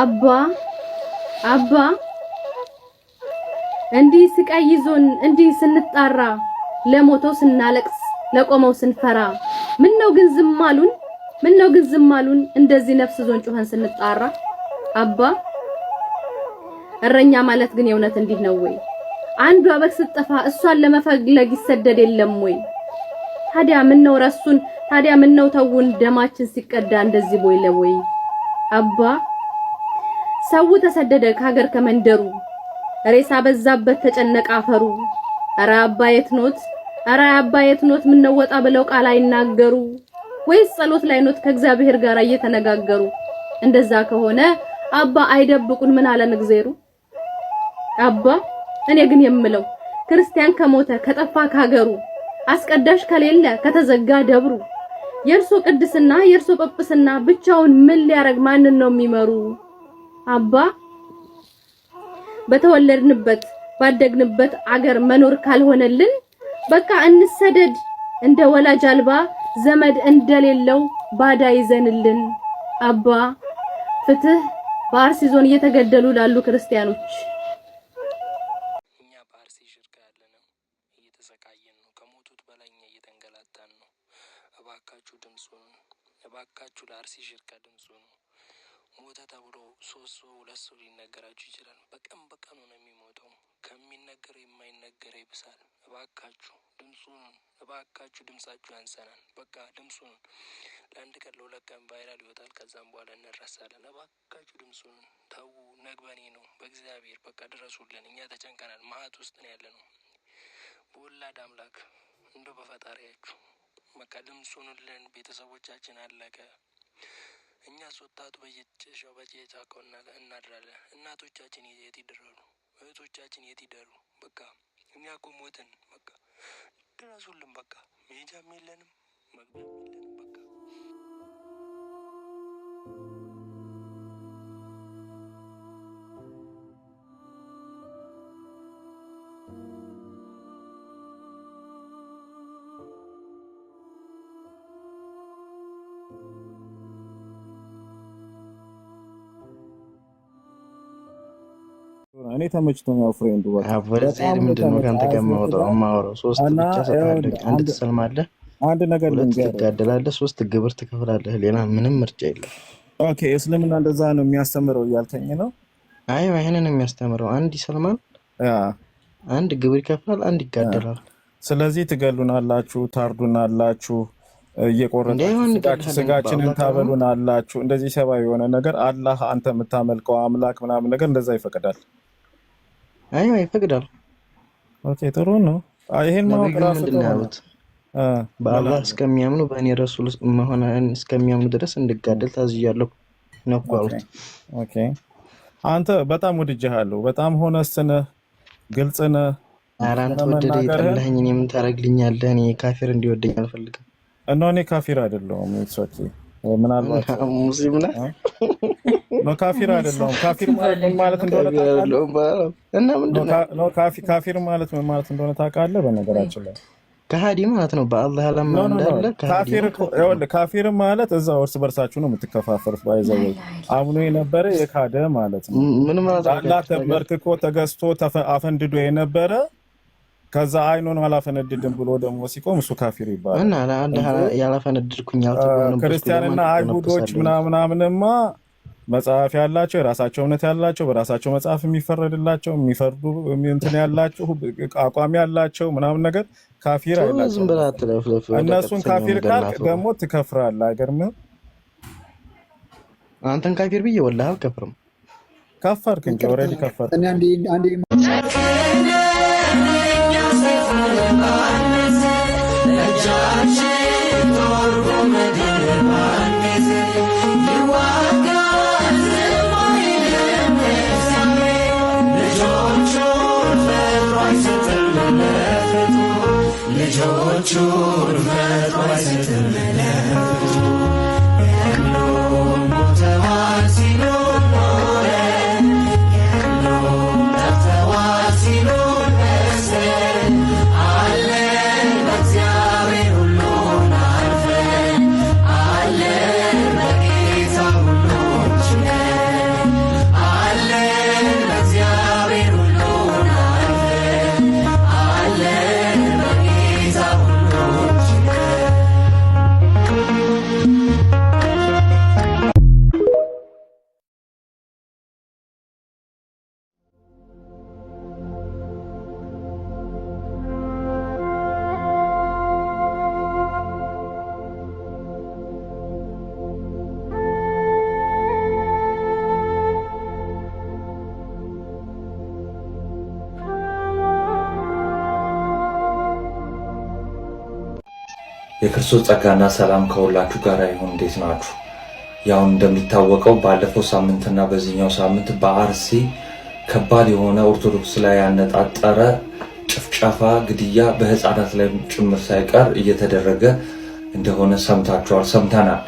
አባ አባ እንዲህ ስቃይ ይዞን እንዲህ ስንጣራ ለሞተው ስናለቅስ ለቆመው ስንፈራ ምን ነው ግን ዝም አሉን? ምን ነው ግን ዝም አሉን? እንደዚህ ነፍስ ዞን ጩኸን ስንጣራ አባ እረኛ ማለት ግን የእውነት እንዲህ ነው ወይ? አንዷ በግ ስትጠፋ እሷን ለመፈለግ ይሰደድ የለም ወይ? ታዲያ ምን ነው ረሱን ታዲያ ነው ተውን ደማችን ሲቀዳ እንደዚህ ቦይ ለቦይ አባ ሰው ተሰደደ ከሀገር ከመንደሩ ሬሳ በዛበት ተጨነቀ አፈሩ። ኧረ አባየት ኖት ኧረ አባየት ኖት ነው ወጣ ብለው ቃል አይናገሩ ወይስ ጸሎት ላይ ኖት ከእግዚአብሔር ጋር እየተነጋገሩ? እንደዛ ከሆነ አባ አይደብቁን ምን አለን እግዜሩ። አባ እኔ ግን የምለው ክርስቲያን ከሞተ ከጠፋ ካገሩ አስቀዳሽ ከሌለ ከተዘጋ ደብሩ የእርሶ ቅድስና የእርሶ ጵጵስና ብቻውን ምን ሊያረግ ማንን ነው የሚመሩ? አባ በተወለድንበት ባደግንበት አገር መኖር ካልሆነልን በቃ እንሰደድ፣ እንደ ወላጅ አልባ ዘመድ እንደሌለው ባዳ ይዘንልን። አባ ፍትህ በአርሲ ዞን እየተገደሉ ላሉ ክርስቲያኖች እባካችሁ ድምፁ ነው። እባካችሁ ለአርሲ ሽርካ ድምፁ ነው። ሞተ ተብሎ ሶስት ሰው ሁለት ሰው ሊነገራችሁ ይችላል። በቀን በቀኑ ነው የሚሞተው። ከሚነገር የማይነገር ይብሳል። እባካችሁ ድምፁ ነው። እባካችሁ ድምጻችሁ ያንሰናል። በቃ ድምፁ ነው። ለአንድ ቀን ለሁለት ቀን ቫይራል ይወጣል። ከዛም በኋላ እንረሳለን። እባካችሁ ድምፁ ነው። ተዉ፣ ነግበኔ ነው። በእግዚአብሔር በቃ ድረሱልን። እኛ ተጨንቀናል። መሀት ውስጥ ነው ያለ ነው። በወላድ አምላክ እንደው በፈጣሪያችሁ በቃ ድምፅ ሁኑልን። ቤተሰቦቻችን አለቀ። እኛስ ወጣቱ በየጨሻው በየጫካው እናድራለን። እናቶቻችን የት ይደረሉ? እህቶቻችን የት ይደሩ? በቃ እኛ እኮ ሞትን። በቃ ድረሱልን። በቃ መሄጃም የለንም መግቢያም የለንም። በቃ እኔ ተመችቶኛል። ፍሬንዱ ምንድነው ከአንተ ጋር አንድ ነገር ትጋደላለ፣ ሶስት ግብር ትከፍላለህ። ሌላ ምንም ምርጫ የለም። ኦኬ እስልምና እንደዛ ነው የሚያስተምረው እያልከኝ ነው? አይ ይህንን የሚያስተምረው አንድ ይሰልማል፣ አንድ ግብር ይከፍላል፣ አንድ ይጋደላል። ስለዚህ ትገሉን አላችሁ፣ ታርዱን አላችሁ፣ እየቆረጣችሁ ስጋችንን አላችሁ። እንደዚህ ሰብአዊ የሆነ ነገር አላህ አንተ የምታመልቀው አምላክ ምናምን ነገር እንደዛ ይፈቅዳል። አይ ይፈቅዳል። ኦኬ ጥሩ ነው። ይሄን ማወቅ ራሱ በአላህ እስከሚያምኑ በእኔ ረሱል መሆንን እስከሚያምኑ ድረስ እንድጋደል ታዝያለሁ ነው አሉት። ኦኬ አንተ በጣም ወድጄሃለሁ። በጣም ሆነስ ነህ፣ ግልጽ ነህ። ኧረ ወደደ የጠላኸኝ እኔ ምን ታደርግልኛለህ? እኔ ካፊር እንዲወደኝ አልፈልግም። እና እኔ ካፊር አይደለሁም። ምናልባት ሙስሊም ነህ ካፊር አይደለሁም። ካፊር ማለት እንደሆነ ካፊር ማለት ምን ማለት እንደሆነ ታውቃለህ? በነገራችን ላይ ከሃዲ ማለት ነው። በአላህ አላማ እንዳለ ካፊር ማለት እዛ እርስ በርሳችሁ ነው የምትከፋፈሩት። ባይዘው አምኖ የነበረ የካደ ማለት ነው። ምን ማለት አላህ ተንበርክኮ ተገዝቶ አፈንድዶ የነበረ ከዛ አይኑን አላፈነድድም ብሎ ደግሞ ሲቆም እሱ ካፊር ይባላል። ክርስቲያንና አይሁዶች ምናምናምንማ መጽሐፍ ያላቸው የራሳቸው እምነት ያላቸው በራሳቸው መጽሐፍ የሚፈረድላቸው የሚፈርዱ እንትን ያላቸው አቋም ያላቸው ምናምን ነገር ካፊር አይላቸው። እነሱን ካፊር ካልክ ደግሞ ትከፍራለህ። አይገርም? አንተን ካፊር ብዬ ወላሂ አልከፍርም። ከፈርክ እንጂ ኦልሬዲ ከፈርክ። ልጆቹን ፈጥሮ አይስትምለን የክርስቶስ ጸጋና ሰላም ከሁላችሁ ጋር ይሁን። እንዴት ናችሁ? ያው እንደሚታወቀው ባለፈው ሳምንትና በዚህኛው ሳምንት በአርሲ ከባድ የሆነ ኦርቶዶክስ ላይ ያነጣጠረ ጭፍጨፋ፣ ግድያ በህፃናት ላይ ጭምር ሳይቀር እየተደረገ እንደሆነ ሰምታችኋል፣ ሰምተናል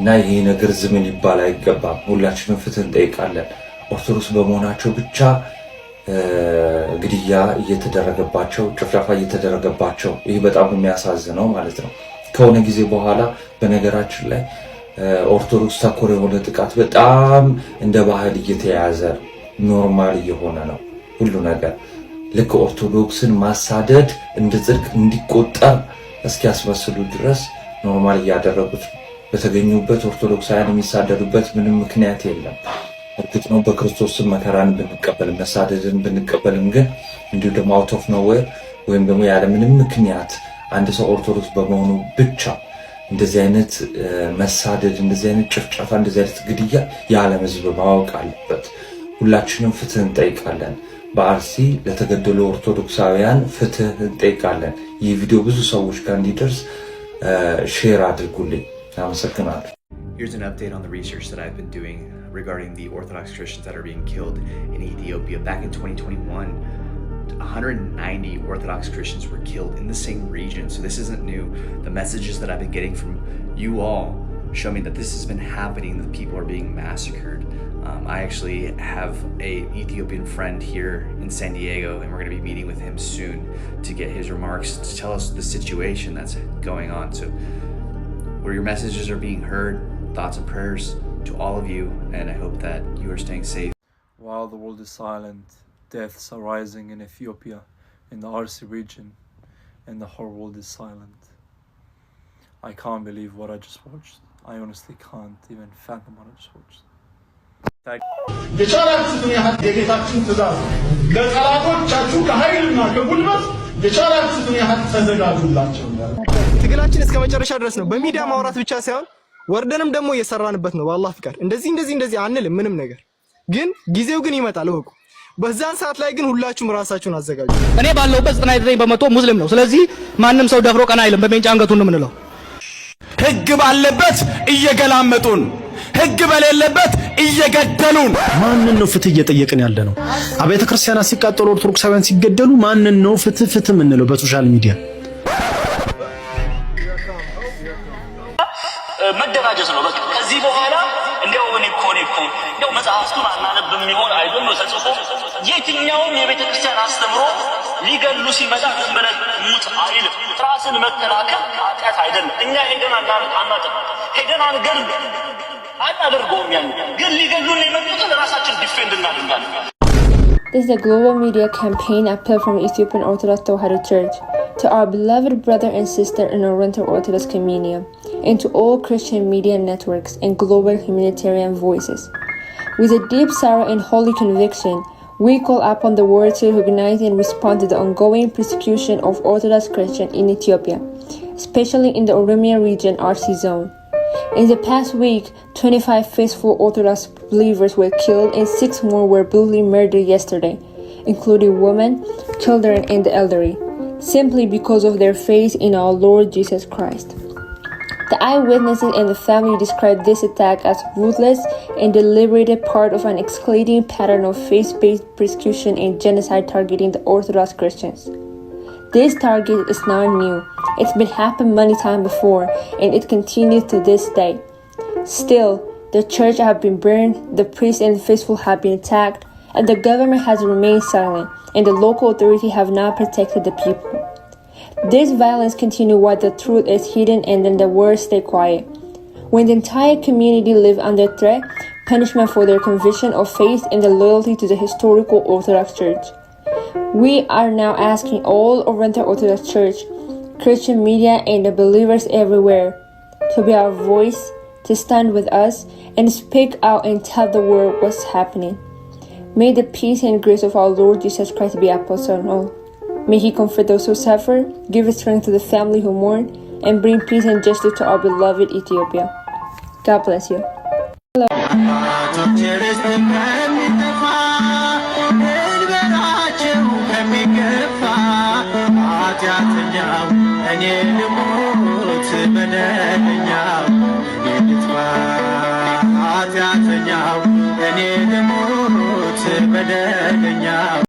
እና ይሄ ነገር ዝም ሊባል አይገባም። ሁላችንም ፍትህ እንጠይቃለን። ኦርቶዶክስ በመሆናቸው ብቻ ግድያ እየተደረገባቸው ጭፍጨፋ እየተደረገባቸው ይህ በጣም የሚያሳዝነው ማለት ነው። ከሆነ ጊዜ በኋላ በነገራችን ላይ ኦርቶዶክስ ተኮር የሆነ ጥቃት በጣም እንደ ባህል እየተያዘ ኖርማል እየሆነ ነው ሁሉ ነገር። ልክ ኦርቶዶክስን ማሳደድ እንደ ጽድቅ እንዲቆጠር እስኪያስመስሉ ድረስ ኖርማል እያደረጉት ነው። በተገኙበት ኦርቶዶክሳውያን የሚሳደዱበት ምንም ምክንያት የለም። እርግጥ ነው በክርስቶስን መከራን ብንቀበልም መሳደድን ብንቀበልም፣ ግን እንዲሁ ደግሞ አውት ኦፍ ኖዌር ወይም ደግሞ ያለምንም ምክንያት አንድ ሰው ኦርቶዶክስ በመሆኑ ብቻ እንደዚህ አይነት መሳደድ፣ እንደዚህ አይነት ጭፍጨፋ፣ እንደዚህ አይነት ግድያ የዓለም ሕዝብ ማወቅ አለበት። ሁላችንም ፍትህ እንጠይቃለን። በአርሲ ለተገደሉ ኦርቶዶክሳውያን ፍትህ እንጠይቃለን። ይህ ቪዲዮ ብዙ ሰዎች ጋር እንዲደርስ ሼር አድርጉልኝ። አመሰግናለሁ። Here's an update on the research that I've been doing regarding the Orthodox Christians that are being killed in Ethiopia back in 2021. 190 Orthodox Christians were killed in the same region. So this isn't new. The messages that I've been getting from you all show me that this has been happening, that people are being massacred. Um, I actually have a Ethiopian friend here in San Diego, and we're going to be meeting with him soon to get his remarks to tell us the situation that's going on. So, where your messages are being heard, thoughts and prayers to all of you, and I hope that you are staying safe. While the world is silent, deaths are rising in Ethiopia, in the Arsi region, and the whole world is silent. I can't believe what I just watched. I honestly can't even fathom what I just watched. የቻላችሁትን ያህል የጌታችን ትእዛዝ ለጠላቶቻችሁ ከኃይልና ከጉልበት የቻላችሁትን ያህል ተዘጋጁላቸው። ትግላችን እስከ መጨረሻ ድረስ ነው። በሚዲያ ማውራት ብቻ ሳይሆን ወርደንም ደግሞ እየሰራንበት ነው። በአላህ ፍቃድ እንደዚህ እንደዚህ እንደዚህ አንልም ምንም ነገር ግን ጊዜው ግን ይመጣል እወቁ። በዛን ሰዓት ላይ ግን ሁላችሁም ራሳችሁን አዘጋጁ። እኔ ባለሁበት 99 በመቶ ሙስሊም ነው። ስለዚህ ማንም ሰው ደፍሮ ቀና አይልም። በሜንጫ አንገቱን ነው የምንለው። ህግ ባለበት እየገላመጡን ህግ በሌለበት እየገደሉን። ማንን ነው ፍትህ እየጠየቅን ያለ ነው? አብያተ ክርስቲያናት ሲቃጠሉ፣ ኦርቶዶክሳውያን ሲገደሉ ማንን ነው ፍትህ ፍትህ የምንለው? በሶሻል ሚዲያ መደራጀት ነው። በቃ ከዚህ በኋላ እንዲያው እኔ እኮ እኔ እኮ እንዲያው መጽሐፍቱን አናነብም ይሆን አይደል ነው ተጽፎ የትኛውም የቤተ ክርስቲያን አስተምሮ ሊገሉ ሲመጣ ዝም ሙት አይልም። ራስን መከላከል ኃጢአት አይደለም። እኛ ሄደን ሄደን አናደርገውም። ያን ግን ሊገሉን የመጡትን ራሳችን ዲፌንድ This is a global media campaign appeal from Ethiopian Orthodox Tewahedo Church to our beloved brother and sister in Oriental Orthodox Communion and to all Christian media networks and global humanitarian voices. With a deep sorrow and holy conviction, we call upon the world to recognize and respond to the ongoing persecution of Orthodox Christians in Ethiopia, especially in the Oromia region RC zone. In the past week, 25 faithful Orthodox believers were killed and six more were brutally murdered yesterday, including women, children, and the elderly, simply because of their faith in our Lord Jesus Christ. The eyewitnesses and the family described this attack as ruthless and deliberate part of an escalating pattern of faith-based persecution and genocide targeting the Orthodox Christians. This target is not new. It's been happened many times before and it continues to this day. Still, the church have been burned, the priests and faithful have been attacked, and the government has remained silent, and the local authority have not protected the people. This violence continues while the truth is hidden and then the world stay quiet. When the entire community live under threat, punishment for their conviction of faith and the loyalty to the historical Orthodox Church. We are now asking all Oriental Orthodox Church, Christian media, and the believers everywhere to be our voice, to stand with us, and speak out and tell the world what's happening. May the peace and grace of our Lord Jesus Christ be upon us all. May He comfort those who suffer, give strength to the family who mourn, and bring peace and justice to our beloved Ethiopia. God bless you.